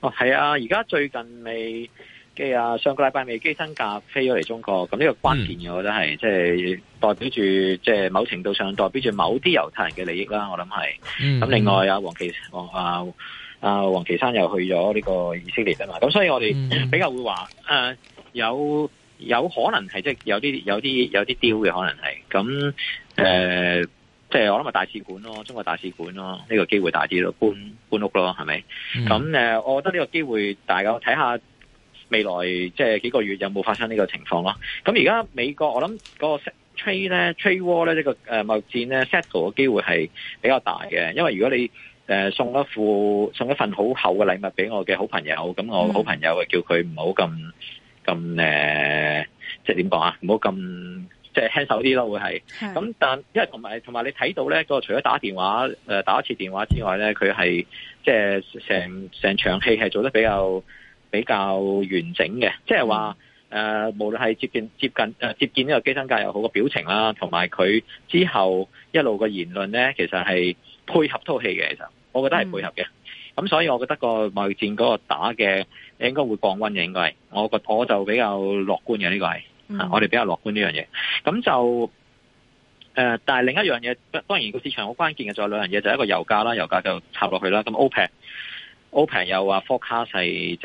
哦，係啊！而家最近未嘅啊，上個禮拜尾基辛格飛咗嚟中國，咁呢個關鍵嘅，我覺得係即係代表住，即、就、係、是、某程度上代表住某啲猶太人嘅利益啦。我諗係，咁、嗯、另外啊，王岐王啊啊，王岐山又去咗呢個以色列啦。咁所以我哋比較會話，誒、嗯呃、有有可能係即係有啲有啲有啲 deal 嘅，可能係咁誒。即係我諗咪大使館咯，中國大使館咯，呢、這個機會大啲咯，搬搬屋咯，係咪？咁誒、嗯，我覺得呢個機會大家睇下未來即係、就是、幾個月有冇發生呢個情況咯。咁而家美國我諗嗰個 trade 咧，trade war 咧，呢、這個誒貿易戰咧，settle 嘅機會係比較大嘅，因為如果你誒、呃、送一副送一份好厚嘅禮物俾我嘅好朋友，咁我好朋友就叫佢唔好咁咁誒，即係點講啊，唔好咁。輕手啲咯，會係咁，但因為同埋同埋你睇到咧，個除咗打電話，誒、呃、打一次電話之外咧，佢係即係成成場戲係做得比較比較完整嘅，即係話誒，無論係接，接近接近誒接見呢個基辛格又好個表情啦，同埋佢之後一路個言論咧，其實係配合套戲嘅，其實我覺得係配合嘅。咁、嗯、所以我覺得個貿易戰嗰個打嘅，應該會降溫嘅，應該係我覺得，我就比較樂觀嘅，呢、這個係。嗯、我哋比較樂觀呢樣嘢，咁就、呃、但係另一樣嘢，當然個市場好關鍵嘅，仲有兩樣嘢，就係一個油價啦，油價就插落去啦。咁 OPEC，OPEC、嗯、又話 forecast 係即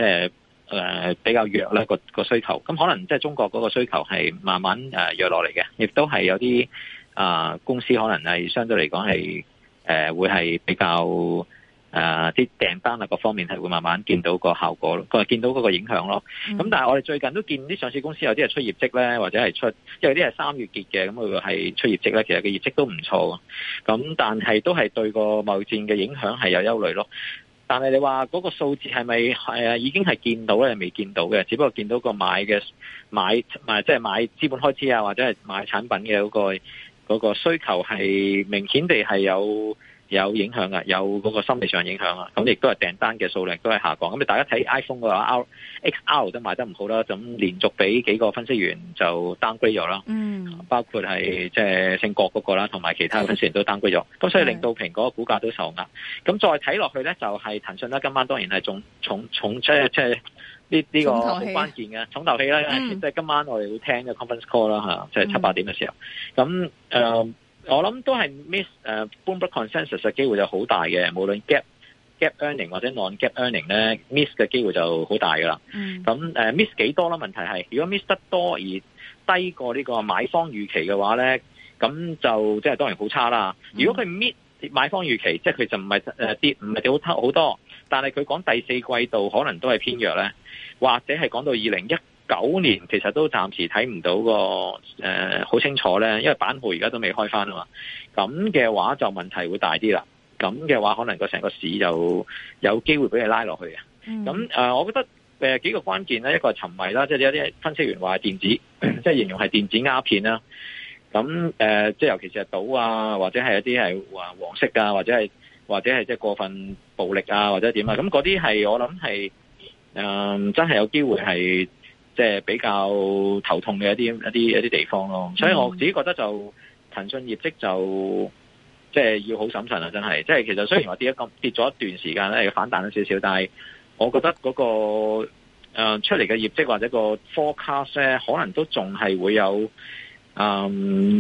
係比較弱啦，個個需求，咁可能即係中國嗰個需求係慢慢弱落嚟嘅，亦都係有啲、呃、公司可能係相對嚟講係會係比較。啊！啲訂單啊，各方面係會慢慢見到個效果咯，個、嗯、見到嗰個影響囉。咁、嗯、但係我哋最近都見啲上市公司有啲係出業績呢，或者係出，即係有啲係三月結嘅，咁佢係出業績呢，其實個業績都唔錯。咁但係都係對個貿易戰嘅影響係有憂慮囉。但係你話嗰個數字係咪已經係見到咧，未見到嘅，只不過見到個買嘅買，即係、就是、買資本開支啊，或者係買產品嘅嗰個嗰個需求係明顯地係有。有影響啊，有嗰個心理上影響啊，咁亦都係訂單嘅數量都係下降。咁你大家睇 iPhone 嘅 XR 都賣得唔好啦，咁連續俾幾個分析員就 downgrade 咗啦。嗯，包括係即係勝國嗰、那個啦，同埋其他分析員都 downgrade 咗。咁、嗯、所以令到蘋果嘅股價都受壓。咁的再睇落去咧，就係、是、騰訊啦。今晚當然係重重重，即係即係呢呢個好關鍵嘅重頭戲啦。即係、嗯、今晚我哋會聽嘅 conference call 啦，嚇，即係七八點嘅時候。咁誒。我諗都係 miss 誒、uh, Bloomberg consensus 嘅機會就好大嘅，無論 gap gap earning 或者 non gap earning 咧，miss 嘅機會就好大噶啦。咁、嗯 uh, miss 幾多啦？問題係如果 miss 得多而低過呢個買方預期嘅話咧，咁就即係、就是、當然好差啦。嗯、如果佢 miss 買方預期，即係佢就唔、是、係、呃、跌唔係跌好好多，但係佢講第四季度可能都係偏弱咧，或者係講到二零一九年其實都暫時睇唔到個誒好、呃、清楚咧，因為版號而家都未開翻啊嘛。咁嘅話就問題會大啲啦。咁嘅話可能個成個市就有機會俾你拉落去嘅。咁誒、嗯呃，我覺得、呃、幾個關鍵咧，一個係沉迷啦，即係有啲分析員話電子，即係形容係電子鴉片啦。咁、啊、誒、呃，即係尤其是係賭啊，或者係一啲係黃色啊，或者係或者係即係過分暴力啊，或者點啊。咁嗰啲係我諗係誒真係有機會係。嗯即係比較頭痛嘅一啲一啲一啲地方咯，所以我自己覺得就騰訊業績就即係、就是、要好審慎啊，真係，即、就、係、是、其實雖然我跌一個跌咗一段時間咧，要反彈咗少少，但係我覺得、嗰個誒、呃、出嚟嘅業績或者個 forecast 咧，可能都仲係會有誒、呃、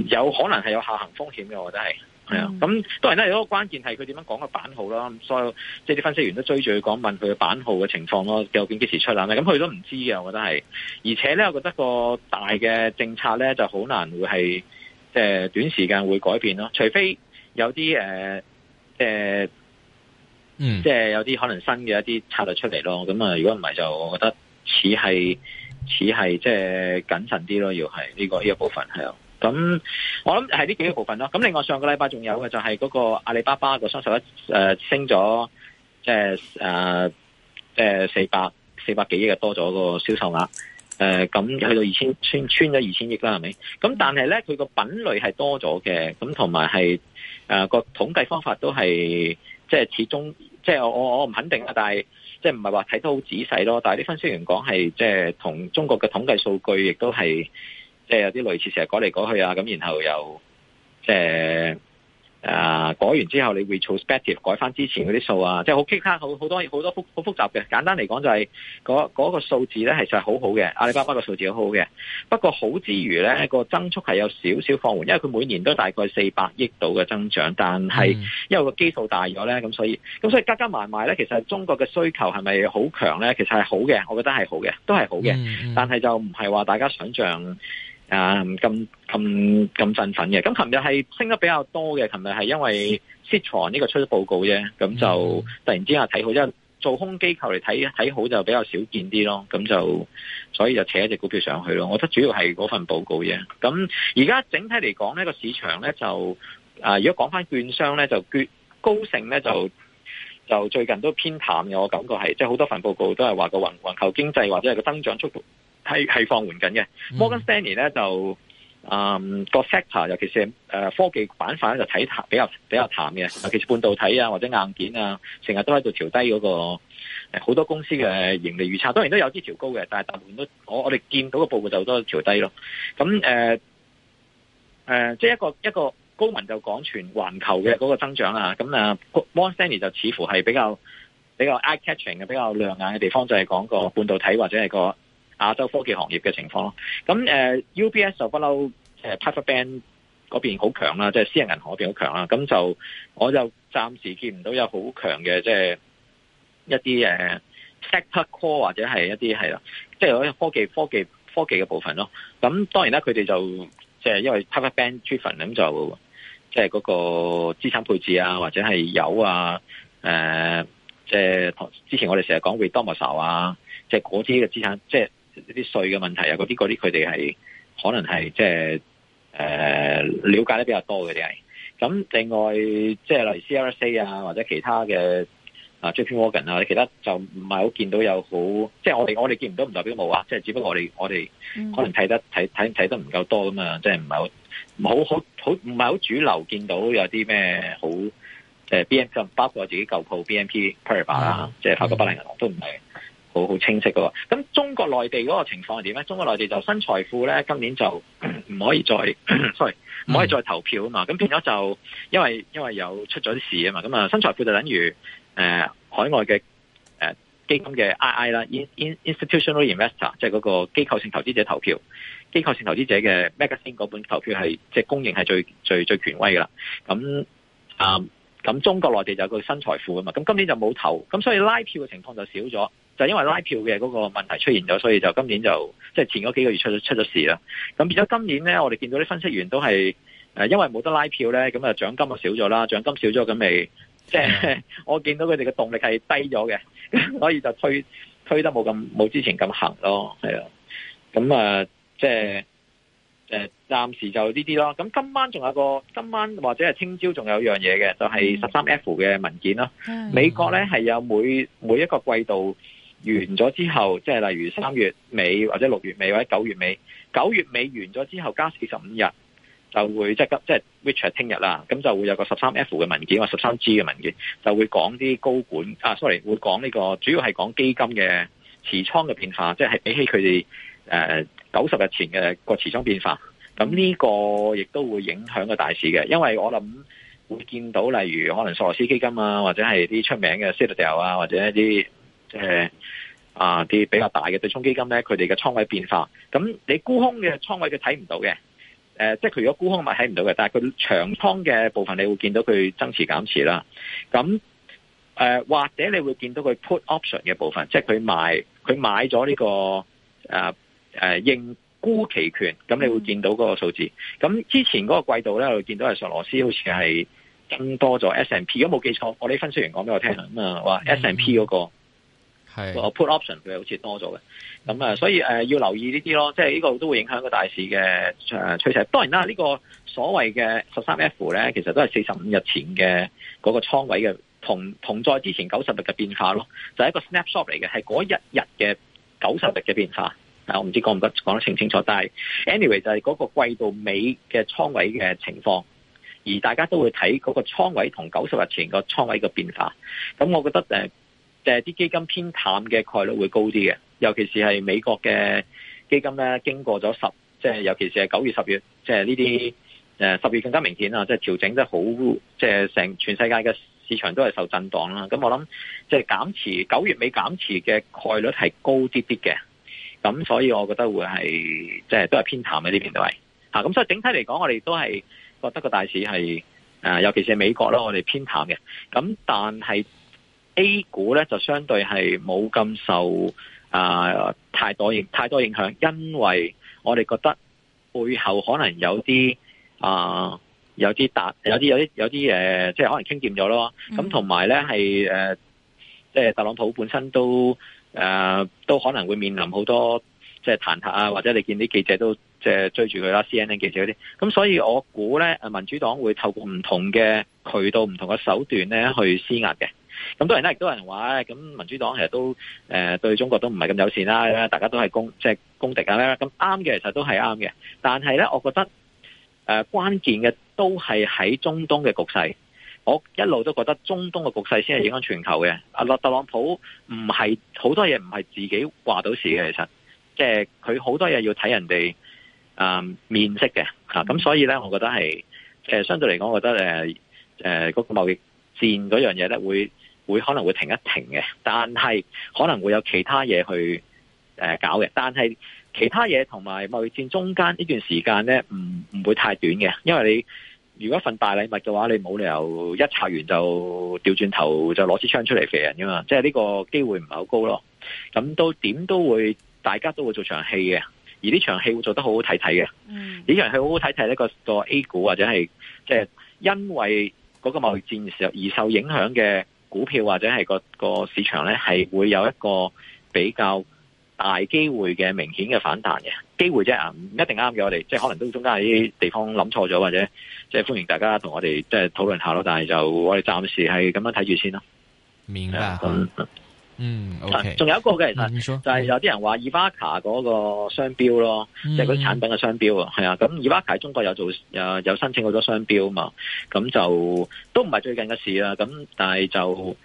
有可能係有下行風險嘅，我覺得係。係啊，咁當然咧，如果、嗯、關鍵係佢點樣講個版號囉。咁所有即係啲分析員都追住佢講，問佢嘅版號嘅情況咯，究竟幾時出啊？咁佢都唔知嘅，我覺得係。而且咧，我覺得個大嘅政策咧就好難會係即係短時間會改變咯，除非有啲誒，呃呃嗯、即係即係有啲可能新嘅一啲策略出嚟咯。咁啊，如果唔係就我覺得似係似係即係謹慎啲咯，要係呢、這個呢一、這個、部分係啊。咁我諗係呢幾個部分咯。咁另外上個禮拜仲有嘅就係嗰個阿里巴巴個雙十一誒升咗即係誒即係四百四百幾億嘅多咗個銷售額。誒、呃、咁去到二千穿穿咗二千億啦，係咪？咁但係咧佢個品類係多咗嘅，咁同埋係誒個統計方法都係即係始終即係我我我唔肯定啊，但係即係唔係話睇得好仔細咯。但係啲分析員講係即係同中國嘅統計數據亦都係。即係有啲類似成日改嚟改去啊，咁然後又即係啊改完之後你 retrospective 改翻之前嗰啲數啊，即係好棘刻，好好多好多複好複雜嘅。簡單嚟講就係嗰嗰個數字咧，其實係好好嘅，阿里巴巴個數字好好嘅。不過好之餘咧，個增速係有少少放緩，因為佢每年都大概四百億度嘅增長，但係、嗯、因為個基數大咗咧，咁所以咁所以加加埋埋咧，其實中國嘅需求係咪好強咧？其實係好嘅，我覺得係好嘅，都係好嘅。嗯嗯，但係就唔係話大家想像。啊，咁咁咁振奮嘅。咁琴日係升得比較多嘅，琴日係因為 s 藏呢個出咗報告啫，咁就突然之間睇好，因為做空機構嚟睇睇好就比較少見啲咯。咁就所以就扯一隻股票上去咯。我覺得主要係嗰份報告啫。咁而家整體嚟講呢個市場咧就啊、呃，如果講翻券商咧，就高盛咧就就最近都偏淡嘅。我感覺係即係好多份報告都係話個環全球經濟或者係個增長速度。係係放緩緊嘅。摩根 Stanley 咧就，嗯，個 sector 尤其是、呃、科技板塊咧就睇淡比較比較淡嘅。尤其是半導體啊或者硬件啊，成日都喺度調低嗰、個誒好多公司嘅盈利預測。當然都有啲調高嘅，但係大部分都我我哋見到個報告就都調低咯。咁誒、呃呃、即係一個一個高民就講全環球嘅嗰個增長啊。咁啊，摩摩根 Stanley 就似乎係比較比較 eye catching 嘅比較亮眼嘅地方，就係講個半導體或者係個。亞洲科技行業嘅情況囉。咁誒 UBS 就不嬲誒 Private Bank 嗰邊好強啦，即係私人銀行嗰邊好強啦，咁就我就暫時見唔到有好強嘅即係一啲誒 Sector Core 或者係一啲係啦，即係嗰啲科技科技科技嘅部分囉。咁當然啦，佢哋就即係因為 Private Bank driven 咁就即係嗰個資產配置啊，或者係油啊，誒即係之前我哋成日講 Redemption 啊，即係嗰啲嘅資產即係。就是啲稅嘅問題啊，嗰啲嗰啲佢哋係可能係即係誒了解得比較多嘅啲，咁另外即係、就是、例如 c r c 啊或者其他嘅啊 JPMorgan 啊，JP 啊其他就唔係好見到有好，即、就、係、是、我哋我哋見唔到唔代表冇啊，即、就、係、是、只不過我哋我哋可能睇得睇睇睇得唔夠多噶嘛，即係唔係好好好好唔係好主流見到有啲咩好係、呃、BNP 包括自己舊鋪 BNP Paribas 啊，即係、啊、法國巴黎銀行都唔係。好好清晰㗎喎，咁中國內地嗰個情況係點咧？中國內地就新財富咧，今年就唔可以再，sorry，唔、嗯、 唔可以再投票啊嘛。咁變咗就因為因為有出咗啲事啊嘛，咁啊新財富就等於誒、呃、海外嘅誒、呃、基金嘅 II 啦，in in institutional investor 即係嗰個機構性投資者投票，機構性投資者嘅 Magazine 嗰本投票係即係公認係最最最權威㗎啦。咁啊咁中國內地就有個新財富啊嘛，咁今年就冇投，咁所以拉票嘅情況就少咗。就因為拉票嘅嗰個問題出現咗，所以就今年就即係、就是、前嗰幾個月出咗出咗事啦。咁變咗今年咧，我哋見到啲分析員都係誒，因為冇得拉票咧，咁啊獎金就少咗啦，獎金少咗，咁咪即係我見到佢哋嘅動力係低咗嘅，所以就推推得冇咁冇之前咁行咯，係啊。咁啊，即係誒，暫時就呢啲咯。咁今晚仲有一個，今晚或者係聽朝仲有樣嘢嘅，就係十三 F 嘅文件啦。嗯嗯、美國咧係有每每一個季度。完咗之後，即係例如三月尾或者六月尾或者九月尾，九月尾，九月尾完咗之後加四十五日就會即係即係 which 係聽日啦，咁、就是就是、就會有個十三 F 嘅文件或十三 G 嘅文件就會講啲高管啊，sorry 會講呢、這個主要係講基金嘅持倉嘅變化，即、就、係、是、比起佢哋誒九十日前嘅個持倉變化，咁呢個亦都會影響個大市嘅，因為我諗會見到例如可能索羅斯基金啊，或者係啲出名嘅 Citadel 啊，或者一啲。誒，啊啲、呃、比較大嘅對沖基金咧，佢哋嘅倉位變化，咁你沽空嘅倉位佢睇唔到嘅，誒、呃，即係佢如果沽空咪睇唔到嘅，但係佢長倉嘅部分你會見到佢增持減持啦，咁誒、呃、或者你會見到佢 put option 嘅部分，即係佢賣佢買咗呢、這個誒誒、呃呃、認沽期權，咁你會見到嗰個數字，咁、嗯、之前嗰個季度咧，我見到係索羅斯好似係增多咗 S&P，如果冇記錯，我啲分析員講俾我聽啊話、呃、S&P、嗰個。係是 put option 佢好似多咗嘅，咁啊，所以誒、呃、要留意呢啲咯，即係呢個都會影響個大市嘅誒、呃、趨勢。當然啦，呢、這個所謂嘅十三 F 咧，其實都係四十五日前嘅嗰個倉位嘅同同在之前九十日嘅變化咯，就係、是、一個 snapshot 嚟嘅，係嗰一日90日嘅九十日嘅變化。但，我唔知講唔得講得清清楚，但係 anyway 就係嗰個季度尾嘅倉位嘅情況，而大家都會睇嗰個倉位同九十日前個倉位嘅變化。咁我覺得誒。呃即係啲基金偏淡嘅概率會高啲嘅，尤其是係美國嘅基金咧，經過咗十，即係尤其是係九月、十月，即係呢啲誒十月更加明顯啦，即係調整得好，即係成全世界嘅市場都係受震盪啦。咁我諗即係減持，九月尾減持嘅概率係高啲啲嘅，咁所以我覺得會係即係都係偏淡嘅呢邊都係嚇。咁所以整體嚟講，我哋都係覺得個大市係誒，尤其是係美國啦，我哋偏淡嘅。咁但係。A 股咧就相對係冇咁受啊、呃、太，太多影太多影響，因為我哋覺得背後可能有啲啊、呃、有啲達有啲有啲有啲誒，即、呃、係、就是、可能傾掂咗咯。咁同埋咧係誒，即係、呃、特朗普本身都誒、呃、都可能會面臨好多即係彈劾啊，或者你見啲記者都即係追住佢啦，CNN 記者嗰啲。咁所以我估咧，誒民主黨會透過唔同嘅渠道，唔同嘅手段咧去施壓嘅。咁多人咧，亦都有人話咁民主黨其實都誒、呃、對中國都唔係咁友善啦。大家都係公即係公敵啦。咁啱嘅，其實都係啱嘅。但係咧，我覺得誒、呃、關鍵嘅都係喺中東嘅局勢。我一路都覺得中東嘅局勢先係影響全球嘅。阿特朗普唔係好多嘢唔係自己話到事嘅，其實即係佢好多嘢要睇人哋啊、呃、面色嘅咁、啊、所以咧，我覺得係即係相對嚟講，我覺得誒嗰個貿易戰嗰樣嘢咧會。會可能會停一停嘅，但係可能會有其他嘢去誒、呃、搞嘅，但係其他嘢同埋貿易戰中間呢段時間呢，唔唔會太短嘅，因為你如果份大禮物嘅話，你冇理由一拆完就調轉頭就攞支槍出嚟射人噶嘛，即係呢個機會唔係好高咯。咁到點都會，大家都會做場戲嘅，而呢場戲會做得好好睇睇嘅。嗯，呢場戲好好睇睇呢個個 A 股或者係即係因為嗰個貿易戰時候而受影響嘅。股票或者係個個市場咧，係會有一個比較大機會嘅明顯嘅反彈嘅機會啫啊，唔一定啱嘅，我哋即係可能都中間有啲地方諗錯咗，或者即係歡迎大家同我哋即係討論一下咯。但係就我哋暫時係咁樣睇住先啦。明白，嗯嗯，仲、okay。有一個嘅其實就係、是、有啲人話 Evaca 嗰個商標咯，即係嗰個產品嘅商標、嗯、啊，係啊，咁 Evaca 喺中國有做誒有，有申請好多商標嘛，咁就都唔係最近嘅事啦，咁但係就誒、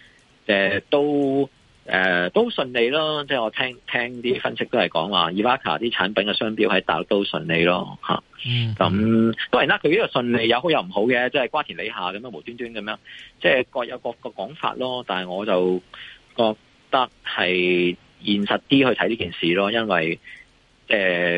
呃、都誒、呃、都順利咯，即、就、係、是、我聽聽啲分析都係講話 Evaca 啲產品嘅商標喺大陸都順利咯，吓、嗯、咁、嗯、當然啦，佢呢個順利有好有唔好嘅，即、就、係、是、瓜田李下咁樣無端端咁樣，即、就、係、是、各有各個講法咯，但係我就覺得係現實啲去睇呢件事咯，因為誒、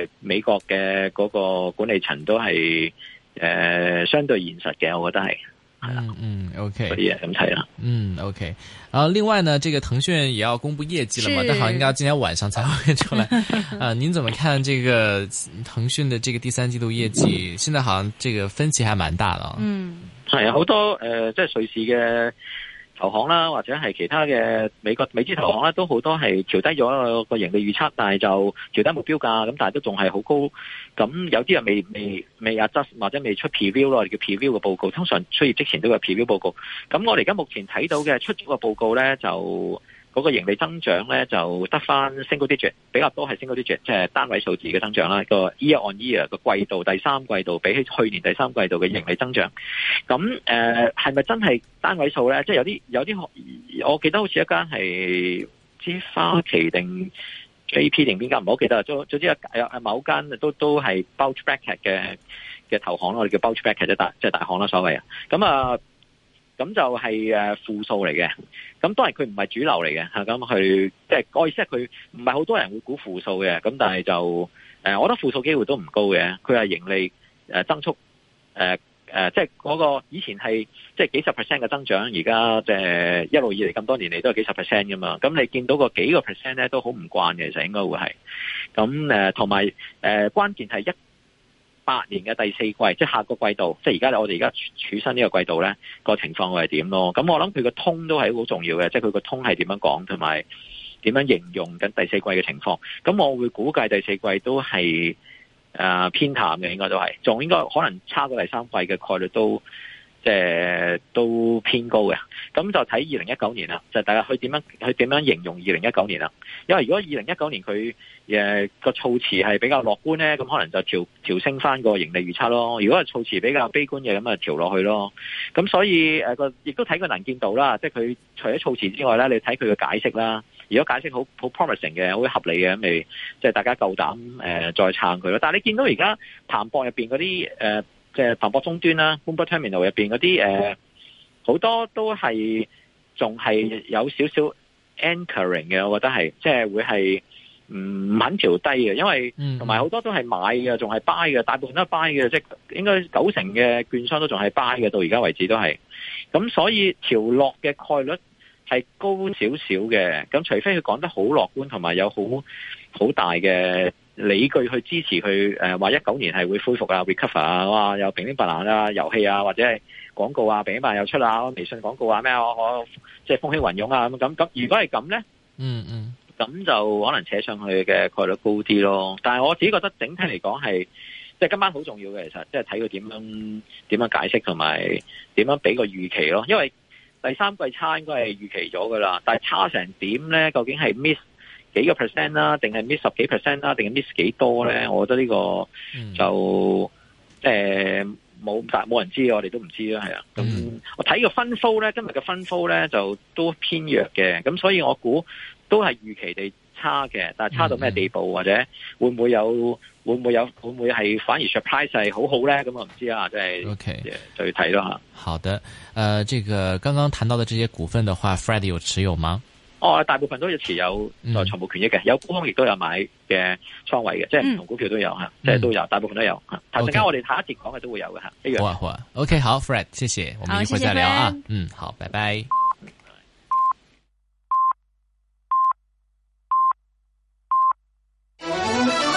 呃、美國嘅嗰個管理層都係誒、呃、相對現實嘅，我覺得係係啦，嗯，OK 啲啊咁睇啦，嗯，OK 啊，另外呢，這個騰訊也要公布業績啦嘛，是但係好像應該要今天晚上才會出來啊、 呃。您怎麼看這個騰訊的這個第三季度業績？嗯、現在好像這個分歧還蠻大咯。嗯，係啊，好多誒，即、呃、係、就是、瑞士嘅。投行啦，或者係其他嘅美國美資投行咧，都好多係調低咗個盈利預測，但係就調低目標價，咁但係都仲係好高。咁有啲人未未未 adjust 或者未出 preview 咯，我哋叫 preview 嘅報告，通常出業之前都有 preview 報告。咁我哋而家目前睇到嘅出咗個報告咧，就。.嗰個盈利增長咧，就得返 single digit，比較多係 single digit，即係單位數字嘅增長啦。個 year on year 個季度第三季度比起去年第三季度嘅盈利增長，咁誒係咪真係單位數咧？即係有啲有啲我記得好似一間係知花旗定 J.P. 定邊間，唔好記得，總之啊啊某間都都係 bulge bracket 嘅嘅投行咯，我哋叫 bulge bracket 就大即係大行啦，所謂啊，咁啊。呃咁就係誒負數嚟嘅，咁當然佢唔係主流嚟嘅，嚇咁去即係我意思係佢唔係好多人會估負數嘅，咁但係就誒，我覺得負數機會都唔高嘅。佢係盈利誒增速，誒即係嗰個以前係即係幾十 percent 嘅增長，而家即係一路以嚟咁多年嚟都係幾十 percent 㗎嘛。咁你見到個幾個 percent 呢，都好唔慣嘅，其實應該會係咁同埋誒關鍵係一八年嘅第四季，即係下個季度，即係而家我哋而家處身呢個季度呢個情況會係點咯？咁我諗佢個通都係好重要嘅，即係佢個通係點樣講，同埋點樣形容緊第四季嘅情況。咁我會估計第四季都係誒、呃、偏淡嘅，應該都係，仲應該可能差過第三季嘅概率都。即係、呃、都偏高嘅，咁就睇二零一九年啦，就係、大家去點樣去點樣形容二零一九年啦？因為如果二零一九年佢誒個措辭係比較樂觀呢，咁可能就調調升翻個盈利預測咯。如果係措辭比較悲觀嘅，咁啊調落去咯。咁所以誒個亦都睇佢能見度啦，即係佢除咗措辭之外呢，你睇佢嘅解釋啦。如果解釋好好 promising 嘅，好合理嘅咁咪，即係大家夠膽誒、呃、再撐佢咯。但係你見到而家彭博入邊嗰啲誒。呃即係彭博終端啦，Bloomberg terminal 入邊嗰啲誒，好、呃、多都係仲係有少少 anchoring 嘅，我覺得係即係會係唔、嗯、肯調低嘅，因為同埋好多都係買嘅，仲係 buy 嘅，大部分都係 buy 嘅，即係應該九成嘅券商都仲係 buy 嘅，到而家為止都係，咁所以調落嘅概率係高少少嘅，咁除非佢講得好樂觀，同埋有好好大嘅。理據去支持佢誒話一九年係會恢復啊 recover 啊，哇有平頂白蘭啊、遊戲啊、或者係廣告啊、平頂又出啊，微信廣告啊咩啊，我我即係風起雲湧啊，咁咁咁如果係咁咧，嗯嗯，咁就可能扯上去嘅概率高啲咯。但係我自己覺得整體嚟講係即係今晚好重要嘅，其實即係睇佢點樣點樣解釋同埋點樣俾個預期咯。因為第三季差應該係預期咗噶啦，但係差成點咧？究竟係 miss？幾個 percent 啦，啊，定係 miss 十幾 percent 啦，啊，定係 miss 幾多咧？嗯、我覺得呢個就誒冇冇人知，我哋都唔知啦，係啊。咁、嗯嗯、我睇個分數咧，今日嘅分數咧就都偏弱嘅，咁所以我估都係預期地差嘅，但係差到咩地步，嗯、或者會唔會有會唔會有會唔會係反而 surprise 好好咧？咁我唔知啊，即、就、係、是、OK，就要睇咯吓。好的，誒、呃，這個剛剛談到的這些股份的話，Fred 有持有嗎？.哦，大部分都有持有內財務權益嘅，嗯、有高方亦都有買嘅倉位嘅，即係唔同股票都有嚇，嗯、即係都有，大部分都有。頭陣間我哋下一節講嘅都會有嘅，一樣，好啊好啊，OK，好，Fred，謝謝，我哋一會再聊啊，謝謝嗯，好，拜拜。拜拜。